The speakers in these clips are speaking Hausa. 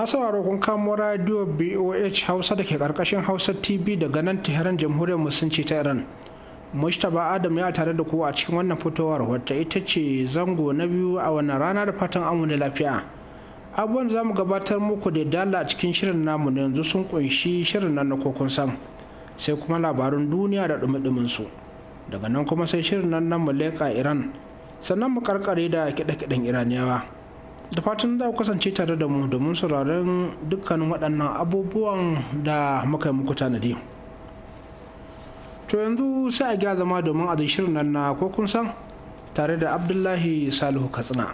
masu sauraro kun kamo radio boh hausa da ke karkashin hausa tv daga nan tehran jamhuriyar musulunci ta iran mustapha adam ya tare da ku a cikin wannan fitowar wata ita ce zango na biyu a wannan rana da fatan amuna lafiya abubuwan za mu gabatar muku da dala a cikin shirin namu na yanzu sun kunshi shirin nan na kokon sam sai kuma labarin duniya da dumi su daga nan kuma sai shirin nan na leka iran sannan mu karkare da kiɗe-kiɗen iraniyawa da fatan za ku kasance tare da mu domin sauraron dukkanin waɗannan abubuwan da muka yi muku tanadi to yanzu sai a gya zama domin a shirin nan na ko san tare da abdullahi salihu katsina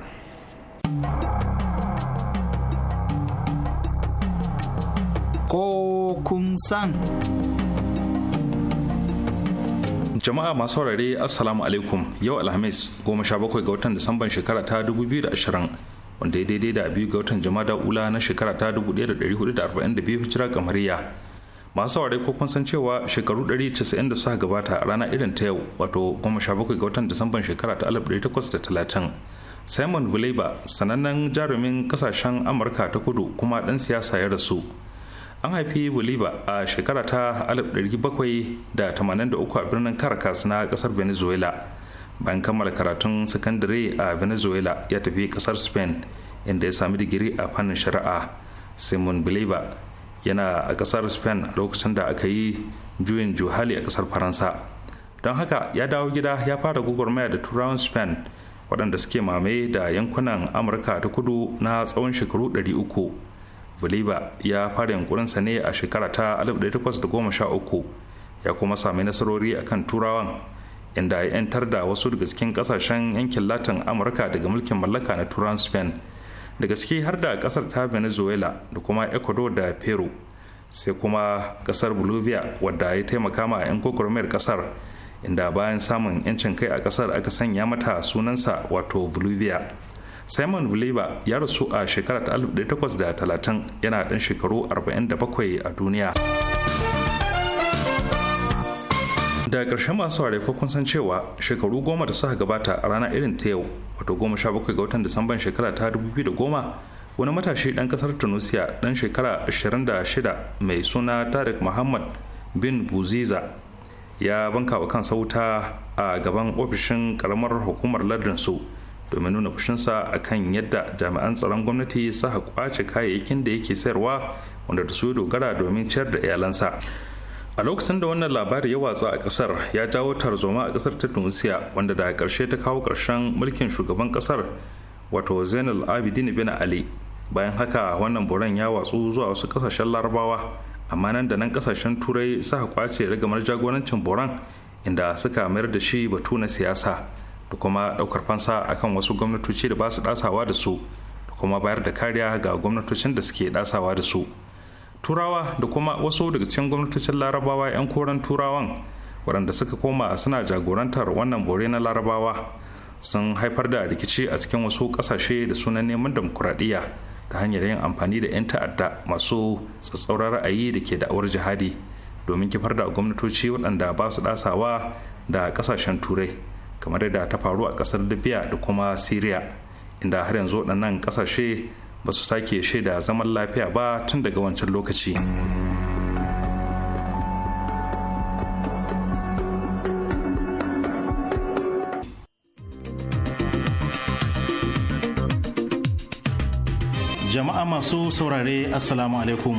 ko jama'a masu saurare assalamu alaikum yau alhamis 17 ga watan disamban shekara ta 2020 wanda ya daidai da biyu ga watan jama'a ula na shekara ta 1442 hijira kamariya masu saurare ko kun san cewa shekaru 190 da suka gabata a rana irin ta yau wato 17 ga watan disamban shekara ta 1830 simon vileba sanannen jarumin kasashen amurka ta kudu kuma ɗan siyasa ya rasu an haifi bolivar a shekara ta 1783 a birnin caracas na kasar venezuela bayan kammala karatun sakandare a venezuela ya tafi kasar spain inda ya sami digiri a fannin shari'a simon bileba yana a kasar spain a lokacin da aka yi juyin juhali a kasar faransa don haka ya dawo gida ya fara gwagwarmaya da turawan spain waɗanda suke mamaye da yankunan amurka ta kudu na tsawon shekaru 300 bileba ya fara yankurinsa ne a shekara ta 1813 ya kuma sami nasarori akan turawan inda ya 'yantar da wasu daga cikin kasashen yankin latin amurka daga mulkin mallaka na turan spain da gaske har da kasar ta venezuela da kuma ecuador da peru sai kuma kasar bolivia wadda ya taimaka ma 'yan gwagwarmayar kasar inda bayan samun 'yancin kai a kasar aka sanya mata sunansa wato bolivia simon bolivar ya rasu a shekarar 1830 yana ɗan shekaru 47 a duniya da ƙarshen masu ware ko kun san cewa shekaru goma da suka gabata a ranar irin ta yau wato goma sha bakwai ga watan disamban shekara ta dubu biyu da goma wani matashi dan kasar tunisia ɗan shekara ashirin da shida mai suna tarik muhammad bin buziza ya banka wa kansa wuta a gaban ofishin karamar hukumar lardin su domin nuna fushinsa a kan yadda jami'an tsaron gwamnati suka kwace kayayyakin da yake sayarwa wanda da su dogara domin ciyar da iyalansa a lokacin da wannan labari ya watsa a kasar ya jawo tarzoma a kasar ta tunisia wanda daga ƙarshe ta kawo ƙarshen mulkin shugaban kasar wato zainal abidin bin ali bayan haka wannan buran ya watsu zuwa wasu kasashen larabawa amma nan da nan kasashen turai suka kwace rigamar jagorancin buran inda suka mayar da shi batu na siyasa da kuma ɗaukar fansa akan wasu gwamnatoci da ba su dasawa da su da kuma bayar da kariya ga gwamnatocin da suke dasawa da su turawa da kuma wasu daga cikin gwamnatocin larabawa 'yan koren turawan waɗanda suka koma suna jagorantar wannan bore na larabawa sun haifar da rikici a cikin wasu ƙasashe da sunan neman demokuraɗiyya ta hanyar yin amfani da 'yan ta'adda masu tsatsauran ra'ayi da ke da'awar jihadi domin kifar da gwamnatoci waɗanda ba su ɗasawa da ƙasashen turai kamar yadda ta faru a ƙasar libya da kuma siriya inda har yanzu waɗannan ƙasashe ba su sake shaida zaman lafiya ba tun daga wancan lokaci jama'a masu saurare assalamu alaikum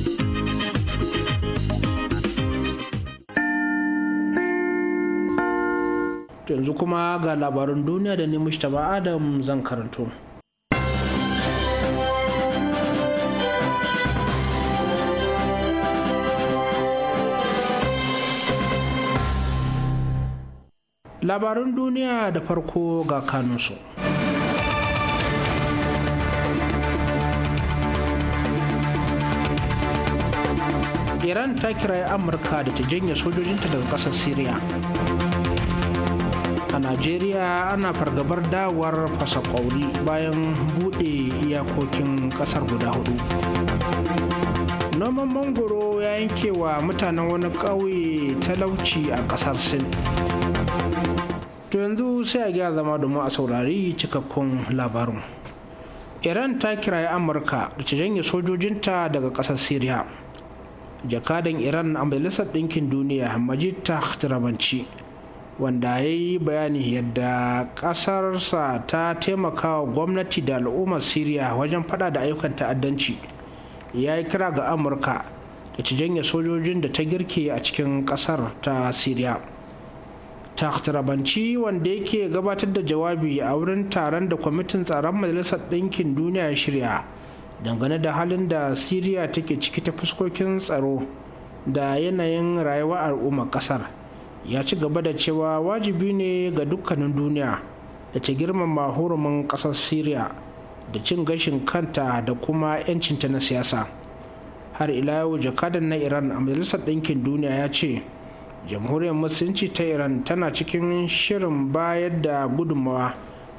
to yanzu kuma ga labarin duniya da ne mushtaba adam zan karanto labarin duniya da farko ga kanunsu iran ta kirayi amurka da ta janye sojojinta daga kasar syria a najeriya ana fargabar dawar fasa kwauri bayan buɗe iyakokin ƙasar guda hudu noman mangoro ya yanke wa mutanen wani ƙauye talauci a ƙasar sin to yanzu sai a gya zama domin a saurari cikakkun labarin iran ta kiraye amurka da ta janye sojojinta daga ƙasar syria jakadan iran a majalisar ɗinkin duniya majid tahtramanci wanda ya yi bayani yadda ƙasarsa ta taimakawa gwamnati da al'ummar syria wajen fada da ayyukan ta'addanci ya yi kira ga amurka da ci janye sojojin da ta girke a cikin ƙasar ta syria taktarabanci wanda yake gabatar da jawabi a wurin taron da kwamitin tsaron majalisar ɗinkin duniya ya shirya dangane da halin da syria take ciki ta fuskokin tsaro da yanayin rayuwar al'ummar ƙasar ya ci gaba da cewa wajibi ne ga dukkanin duniya da ta girmama hurumin ƙasar syria da cin gashin kanta da kuma 'yancinta na siyasa har ila yau jakadan na iran a majalisar ɗinkin duniya ya ce jamhuriyar musulunci ta iran tana cikin shirin bayar da gudunmawa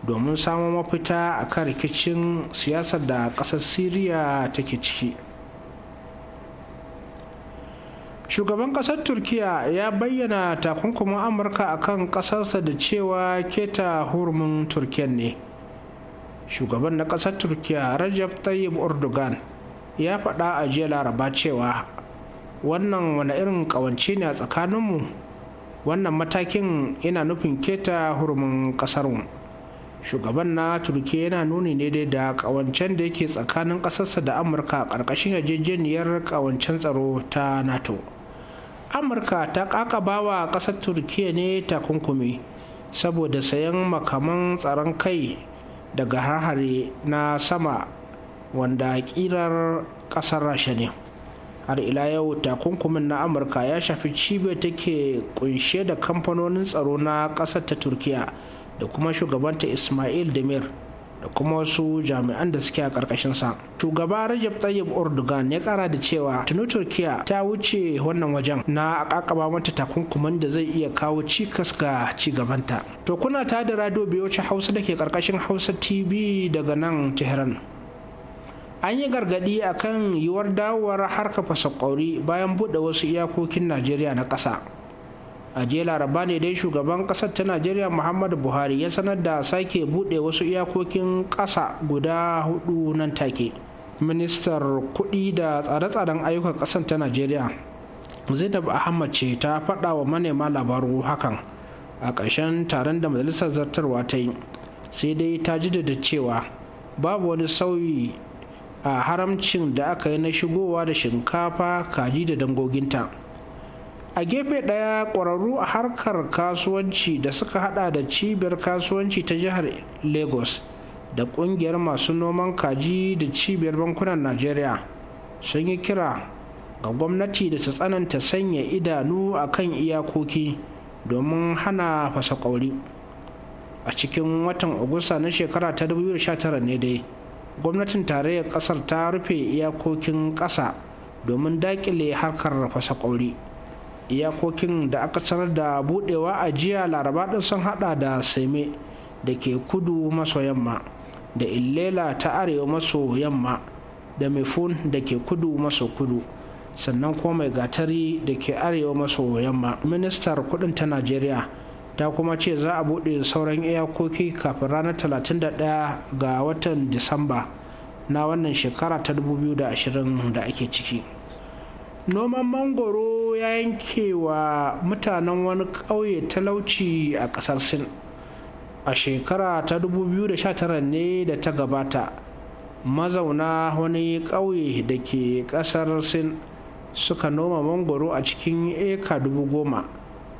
domin samun mafita a kan rikicin siyasar da ƙasar syria take ciki shugaban ƙasar turkiya ya bayyana takunkumin amurka a kan ƙasarsa da cewa keta hurumin turkiya ne shugaban na ƙasar turkiya rajab tayyib erdogan ya faɗa a jiya laraba cewa wannan wani irin ƙawance ne a tsakaninmu wannan matakin yana nufin keta hurumin ƙasarmu shugaban na turkiya yana nuni ne dai da ƙawancen da yake tsakanin ƙasarsa da amurka a ƙarƙashin yarjejeniyar ƙawancen tsaro ta nato amurka ta kakaba wa kasar turkiya ne takunkumi saboda sayan makaman tsaron kai daga harhare na sama wanda kirar kasar rasha ne har ila yau takunkumin na amurka ya shafi cibiyar take kunshe da kamfanonin tsaro na kasar ta turkiya da kuma shugabanta ismail demir da kuma wasu jami'an da suke a sa. Shugaba Rajab Tayyip Erdogan ya ƙara da cewa tuni Turkiya ta wuce wannan wajen na aƙaƙaba mata takunkuman da zai iya kawo cikas ga ci gabanta. To kuna ta da radio biyoci Hausa da ke ƙarƙashin Hausa TV daga nan Tehran. An yi gargaɗi a kan yiwuwar dawowar harka fasa bayan buɗe wasu iyakokin Najeriya na ƙasa. a jiya laraba ne dai shugaban kasar ta najeriya muhammadu buhari ya sanar da sake buɗe wasu iyakokin ƙasa guda hudu nan take ministar kuɗi da tsare-tsaren ayyukan ƙasar ta najeriya zainab ahmad ce ta faɗa wa manema labaru hakan a ƙarshen taron da majalisar zartarwa ta yi sai dai ta ji da cewa babu wani sauyi a haramcin da aka yi na shigowa da shinkafa kaji da dangoginta. a gefe ɗaya ƙwararru a harkar kasuwanci da suka hada da cibiyar kasuwanci ta jihar lagos da ƙungiyar masu noman kaji da cibiyar bankunan najeriya sun yi kira ga gwamnati da su tsananta sanya idanu a kan iyakoki domin hana fasa ƙauri a cikin watan agusta na shekara ta 2019 ne dai gwamnatin tarayyar ƙasar ta rufe iyakokin ƙasa domin daƙile harkar fasa ƙauri. iyakokin da aka sanar da budewa a jiya laraba din sun hada da seme da ke kudu maso yamma da illela ta arewa maso yamma da mefun da ke kudu maso kudu sannan kuma mai gatari da ke arewa maso yamma ministar kudin ta najeriya ta kuma ce za a buɗe sauran iyakoki kafin ranar 31 ga watan disamba na wannan shekara ta 2020 da ake ciki noman mangoro ya yanke wa mutanen wani ƙauye talauci a ƙasar sin a shekara ta 2019 ne da ta gabata mazauna wani ƙauye da ke ƙasar sin suka noma mangoro a cikin eka dubu goma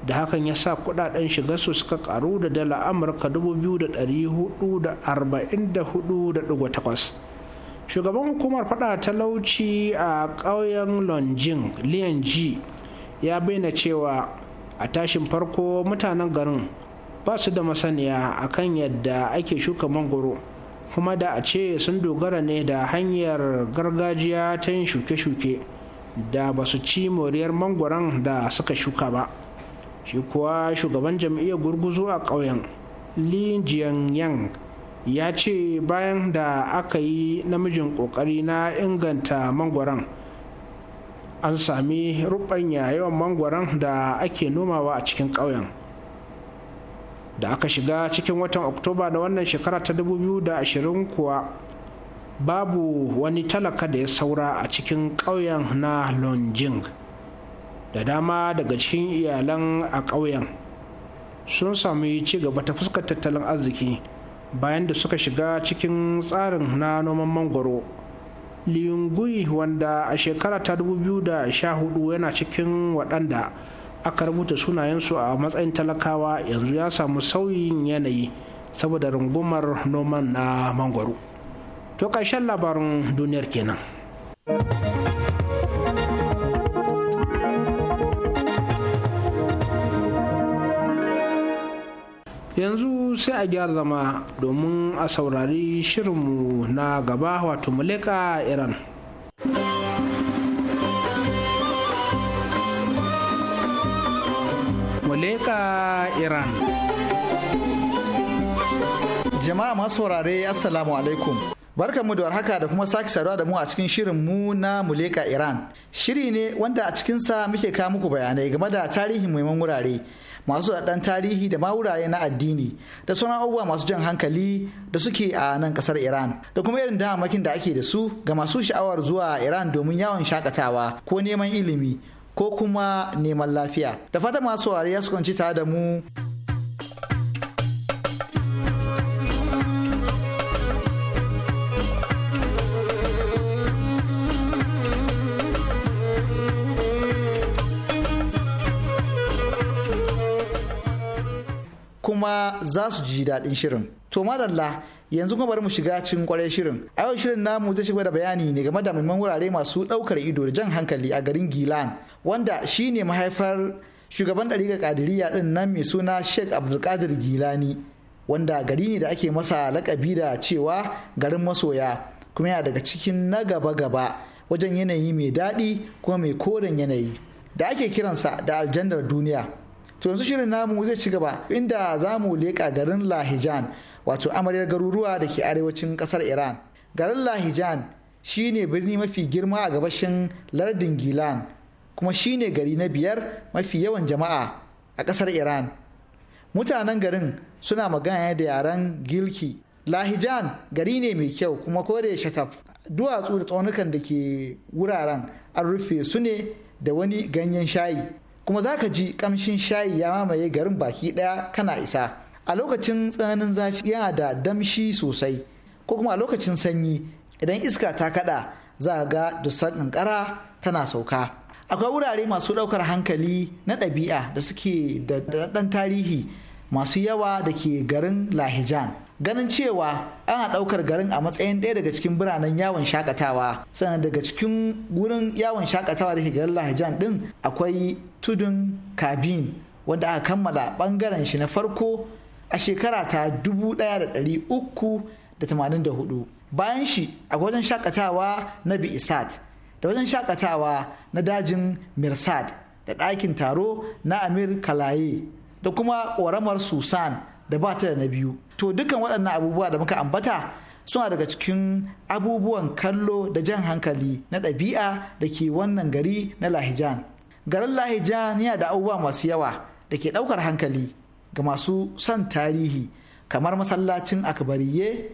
da hakan ya sa kudaden shiga su suka karu da dala amurka 2444.8 shugaban hukumar fada talauci a ƙauyen lonjin lianji ya bayyana cewa a tashin farko mutanen garin ba su da masaniya a kan yadda ake shuka mangoro kuma da a ce sun dogara ne da hanyar gargajiya ta yin shuke-shuke da ba su ci moriyar mangoron da suka shuka ba shi kuwa shugaban jam'iyyar gurguzu a ƙauyen li yang. ya ce bayan da aka yi namijin ƙoƙari na inganta mangwaron an sami rubanya yawan mangwaron da ake nomawa a cikin ƙauyen da aka shiga cikin watan oktoba da wannan shekara ta 2020 kuwa babu wani talaka da ya saura a cikin ƙauyen na longjing da dama daga cikin iyalan a ƙauyen sun sami ci gaba ta fuskar tattalin arziki bayan da suka shiga cikin tsarin na noman mangoro liyungui wanda a shekara ta 2014 yana cikin waɗanda aka rubuta sunayensu a matsayin talakawa yanzu ya samu sauyin yanayi saboda rungumar noman na mangoro to ƙarshen labarin duniyar kenan yanzu sai a gyara zama domin a saurari shirinmu na gaba wato muleka iran muleka iran jama'a masu saurare assalamu alaikum mu da warhaka da kuma sake saduwa da mu a cikin shirin mu na Muleka Iran. Shiri ne wanda a cikin sa muke kawo muku bayanai game da tarihin muhimman wurare, masu zaɗan tarihi da ma wurare na addini, da sauran abubuwa masu jan hankali da suke a nan ƙasar Iran, da kuma irin damamakin da ake da su ga masu sha'awar zuwa Iran domin yawon shakatawa ko neman ilimi ko kuma neman lafiya. Da fata masu wariya su kwanci tare da mu. kuma za su ji daɗin shirin. To madalla yanzu kuma bari mu shiga cikin kwarai shirin. A yau shirin namu zai shiga da bayani ne game da muhimman wurare masu ɗaukar ido da jan hankali a garin Gilan wanda shi ne mahaifar shugaban ɗariƙar ƙadiriya ɗin nan mai suna Sheikh Abdulkadir Gilani wanda gari ne da ake masa lakabi da cewa garin masoya kuma yana daga cikin na gaba-gaba wajen yanayi mai daɗi kuma mai koren yanayi da ake kiransa da aljandar duniya. to yanzu shirin namu zai ci gaba inda za mu leƙa garin lahijan wato amaryar garuruwa da ke arewacin ƙasar iran garin lahijan shine birni mafi girma a gabashin lardin gilan kuma shine gari na biyar mafi yawan jama'a a ƙasar iran mutanen garin suna magana da yaren gilki lahijan gari ne mai kyau kuma kore shataf duwatsu da tsaunukan da ke wuraren an rufe su ne da wani ganyen shayi kuma za ka ji kamshin shayi ya mamaye garin baki ɗaya kana isa a lokacin tsananin zafi yana da damshi sosai ko kuma a lokacin sanyi idan iska ta kaɗa za ga dusar ƙanƙara tana sauka akwai wurare masu ɗaukar hankali na ɗabi'a da suke da ɗan tarihi masu yawa da ke garin lahijan ganin cewa ana ɗaukar garin a matsayin ɗaya daga cikin biranen yawon shakatawa sannan daga cikin wurin yawon shakatawa da ke garin lahijan din akwai tudun kabin wanda aka kammala ɓangaren shi na farko a shekara ta 1384 bayan shi a wajen shakatawa na bi'isat da wajen shakatawa na dajin mirsad da ɗakin taro na amir kalaye da kuma ƙoramar susan da ba ta da na biyu to dukkan waɗannan abubuwa da muka ambata suna daga cikin abubuwan kallo da jan hankali na ɗabi'a da ke wannan gari na lahijan garin lahijan yana da abubuwa masu yawa da ke ɗaukar hankali ga masu son tarihi kamar masallacin akbariye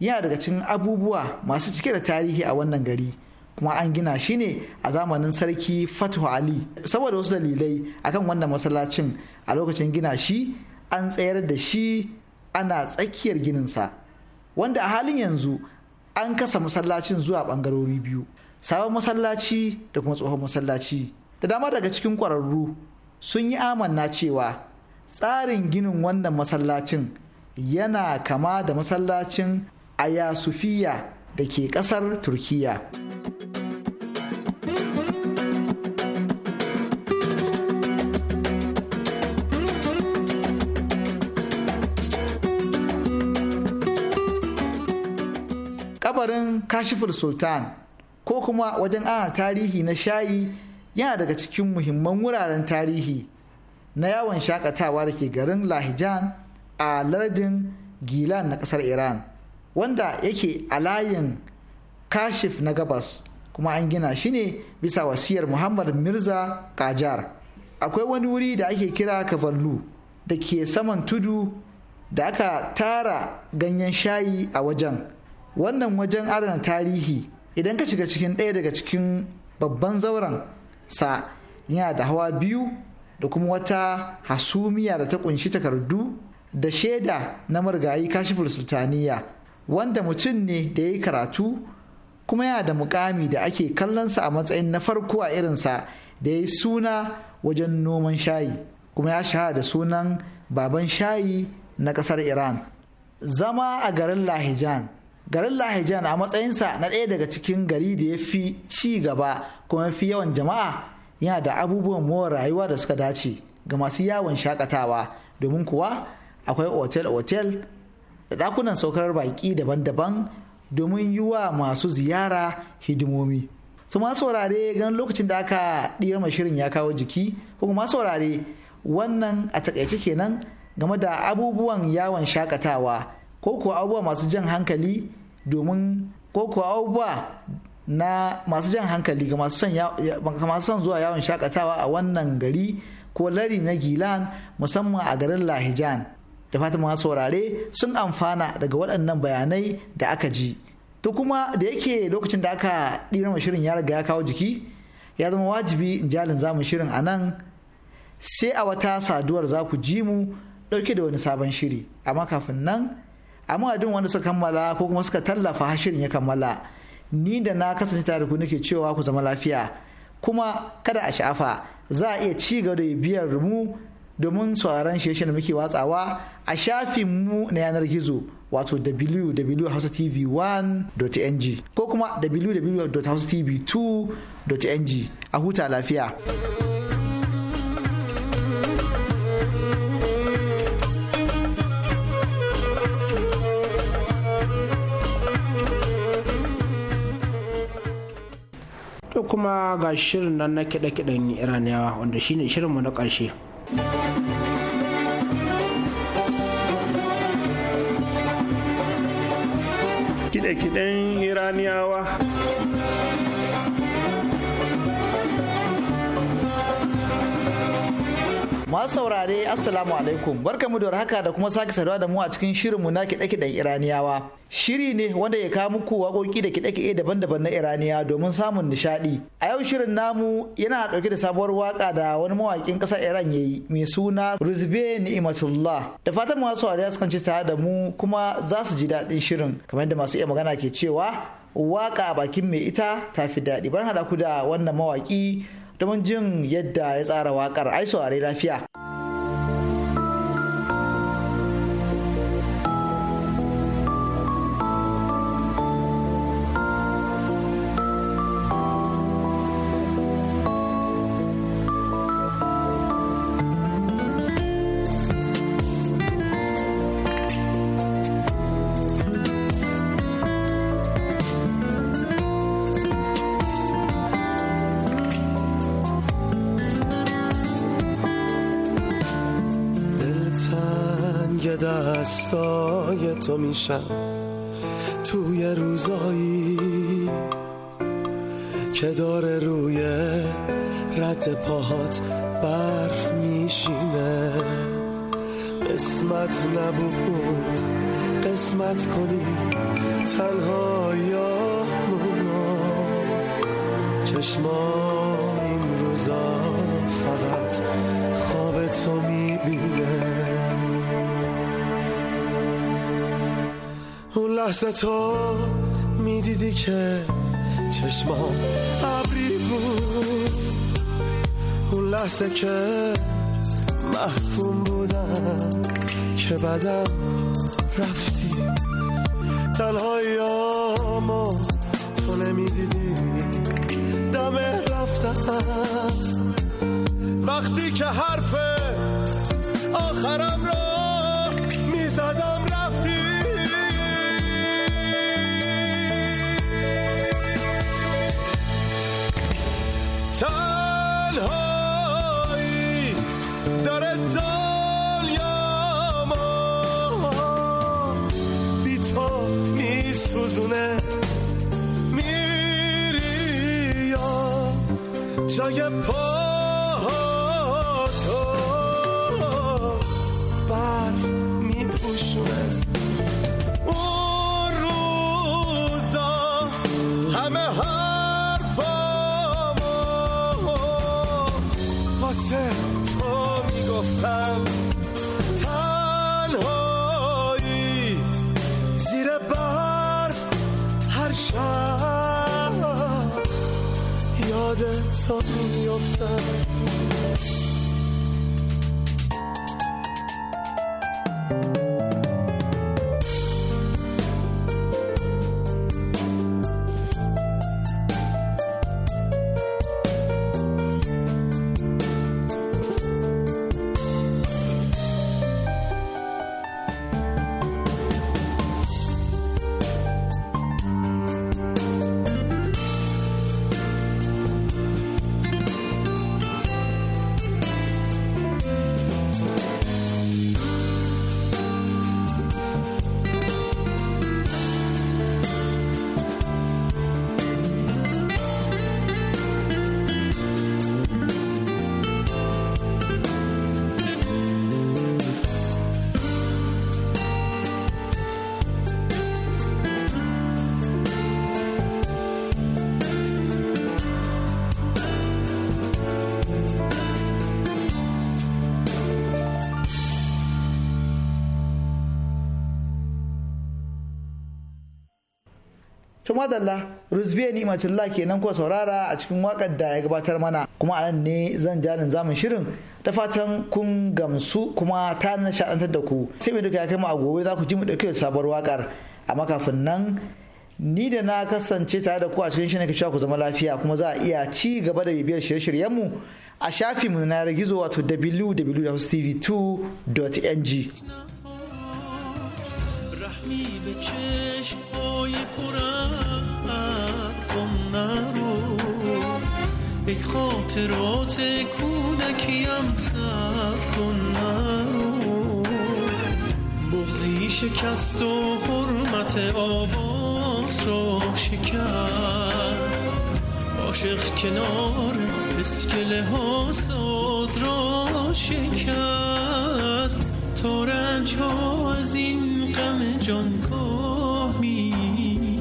yana daga cikin abubuwa masu cike da tarihi a wannan gari kuma an gina shi ne a zamanin sarki fatuhu ali saboda wasu dalilai akan wannan masallacin a lokacin gina shi an tsayar da shi ana tsakiyar ginin sa wanda a halin yanzu an kasa masallacin zuwa ɓangarori biyu sabon masallaci da kuma tsohon masallaci da dama daga cikin ƙwararru sun yi amanna cewa tsarin ginin wannan masallacin yana kama da masallacin Ayasufiya da ke ƙasar Turkiyya. kabarin kashifin sultan ko kuma wajen ana tarihi na shayi yana daga cikin muhimman wuraren tarihi na yawon shakatawa da ke garin lahijan a lardin gilan na kasar iran wanda yake a layin kashif na gabas kuma an gina shi ne bisa wasiyar muhammad mirza kajar akwai wani wuri da ake kira kavallu da ke saman tudu da aka tara ganyen shayi a wajen wannan wajen adana tarihi idan ka shiga cikin ɗaya daga cikin babban zauren sa yana da hawa biyu da kuma wata hasumiya da ta kunshi takardu da shaida na marigayi kashifar sultaniya wanda mutum ne da ya yi karatu kuma yana da mukami da ake kallonsa a matsayin na farko a irinsa da ya yi suna wajen noman shayi kuma ya shahara da sunan baban shayi na ƙasar iran zama a garin lahijan garin lahijan a matsayinsa na ɗaya daga cikin gari da ya fi ci gaba kuma fi yawan jama'a yana da abubuwan more rayuwa da suka dace ga masu yawon shakatawa domin kuwa akwai otel-otel da ɗakunan saukar baƙi daban-daban domin yi wa masu ziyara hidimomi su masu saurare gan lokacin da aka ɗiyar shirin ya kawo jiki ko kuma saurare wannan a takaice kenan game da abubuwan yawon shakatawa ko kuwa abubuwa masu jan hankali domin ko abubuwa na masu jan hankali ga masu son zuwa yawon shakatawa a wannan gari ko lari na gilan musamman a garin lahijan da fatima saurare sun amfana daga waɗannan bayanai da aka ji to kuma da yake lokacin da aka ɗira shirin ya riga ya kawo jiki ya zama wajibi in jalin zamu shirin a nan sai a wata saduwar za ku ji mu ɗauke da wani sabon shiri amma kafin nan amma duk wanda suka kammala ko kuma suka tallafa shirin ya kammala ni da na kasance tare ku nake cewa ku zama lafiya kuma kada a sha'afa za a iya ci gaba da biyar mu domin sauraron shirye da muke watsawa a shafin mu na yanar gizo wato www.housetv1.ng ko kuma www.housetv2.ng a huta lafiya. kuma ga shirin nan na kiɗe-kiɗen iraniyawa wanda shine shirinmu na ƙarshe kiɗe-kiɗen iraniyawa masu saurare assalamu alaikum barkamu da haka da kuma sake saduwa da mu a cikin shirinmu na kiɗe-kiɗen iraniyawa shiri ne wanda ya kawo muku waƙoƙi da kiɗe-kiɗe daban-daban na iraniya domin samun nishaɗi a yau shirin namu yana ɗauke da sabuwar waka da wani mawaƙin ƙasar iran ya yi mai suna rizbe ni'imatullah da fatan masu saurare su kanci tare da mu kuma za su ji daɗin shirin kamar yadda masu iya magana ke cewa waƙa a bakin mai ita tafi daɗi bar haɗa ku da wannan mawaki. domin jin yadda ya tsara waƙar ai saurare lafiya. دستای تو میشم توی روزایی که داره روی رد پاهات برف میشینه قسمت نبود قسمت کنی تنها یا چشمام این روزا لحظه تو میدیدی که چشمام ابری بود اون لحظه که محکوم بودم که بدم رفتی تنهایی آمو تو نمیدیدی دم رفتم وقتی که حرف آخرم را میزدم تنهایی در دنیا ما بی تو می سوزونه میری یا جای پا on your thigh madalla rusbiya ni'matullah kenan ko saurara a cikin wakar da ya gabatar mana kuma anan ne zan jalin zamun shirin da fatan kun gamsu kuma ta nishaɗantar da ku sai mai duka ya kai mu a gobe za ku ji mu ɗauke sabuwar wakar amma kafin nan ni da na kasance tare da ku a cikin shirin kishiya ku zama lafiya kuma za a iya ci gaba da bibiyar shirye mu a shafinmu na yanar gizo wato www.tv2.ng رحمی به چشم های ای خاطرات کودکیم صف کن من بغزی شکست و حرمت آباس را شکست عاشق کنار اسکله ها ساز را شکست تا رنج ها از این غم جانگاه می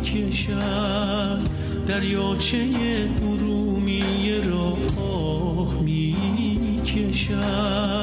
کشد دریاچه او 家。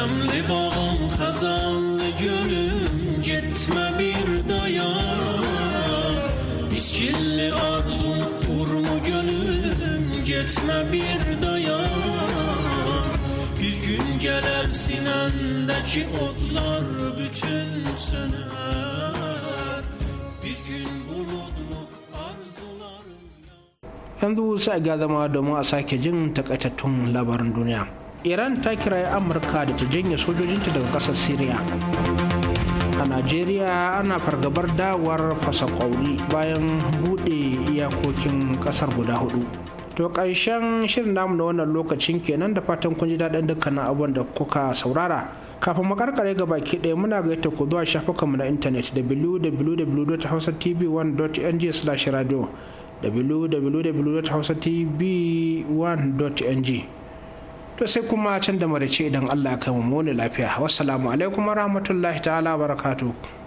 Çemli bağım kazanlı gönlüm gitme bir dayan İskilli arzum urmu gönlüm gitme bir dayan Bir gün gelir sinendeki otlar bütün söner Bir gün bulut mu arzularım Yanzu sai ga zama domin a sake jin takaitattun labarin duniya. iran ta kirayi amurka da ta janye sojojinta daga ƙasar syria a najeriya ana fargabar dawar fasa fasakwauri bayan buɗe iyakokin ƙasar guda hudu to ƙarshen shirin namu na wannan lokacin kenan da fatan kun ji daɗin dukkanin abin da kuka saurara kafin makarkare ga baki ɗaya muna yadda ku zuwa shafukanmu na intanet www.hausatv1.ng/radio www.hausatv1.ng to sai kuma can da marace idan allah ya kai mu wani lafiya wassalamu alaikum wa rahmatullahi ta'ala barakatuhu